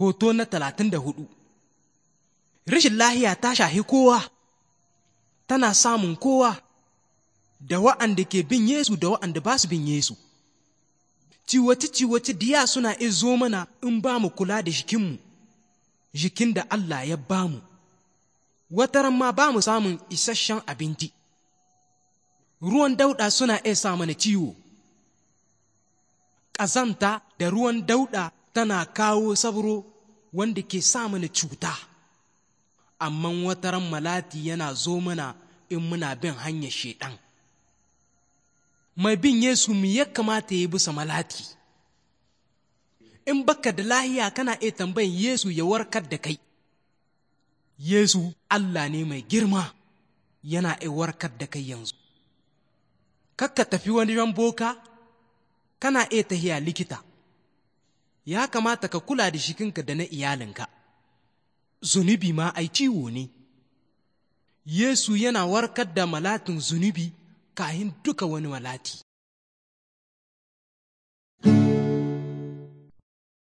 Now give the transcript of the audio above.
hoto na talatin da hudu rashin lahiya ta shahi kowa tana samun kowa da wa'anda ke bin yesu da wa'anda ba su bin yesu diya suna izo mana in ba mu kula da jikinmu jikin da allah ya ba mu wataran ma ba mu samun isasshen abinci ruwan dauɗa suna iya sa mana ciwo ƙazanta da ruwan dauɗa tana kawo sabro wanda ke sa mana cuta amma wata ran malati yana zo mana in muna bin hanyar shaidan mai bin yesu mu ya kamata ya bisa malati in baka da lahiya kana iya tambayin yesu ya warkar da kai yesu allah ne mai girma yana iya warkar da kai yanzu kakka tafi wani boka kana iya tahiya likita ya kamata ka kula da shikinka da na iyalinka zunubi ma ai ciwo ne yesu yana warkar da malatin zunubi kahin duka wani malati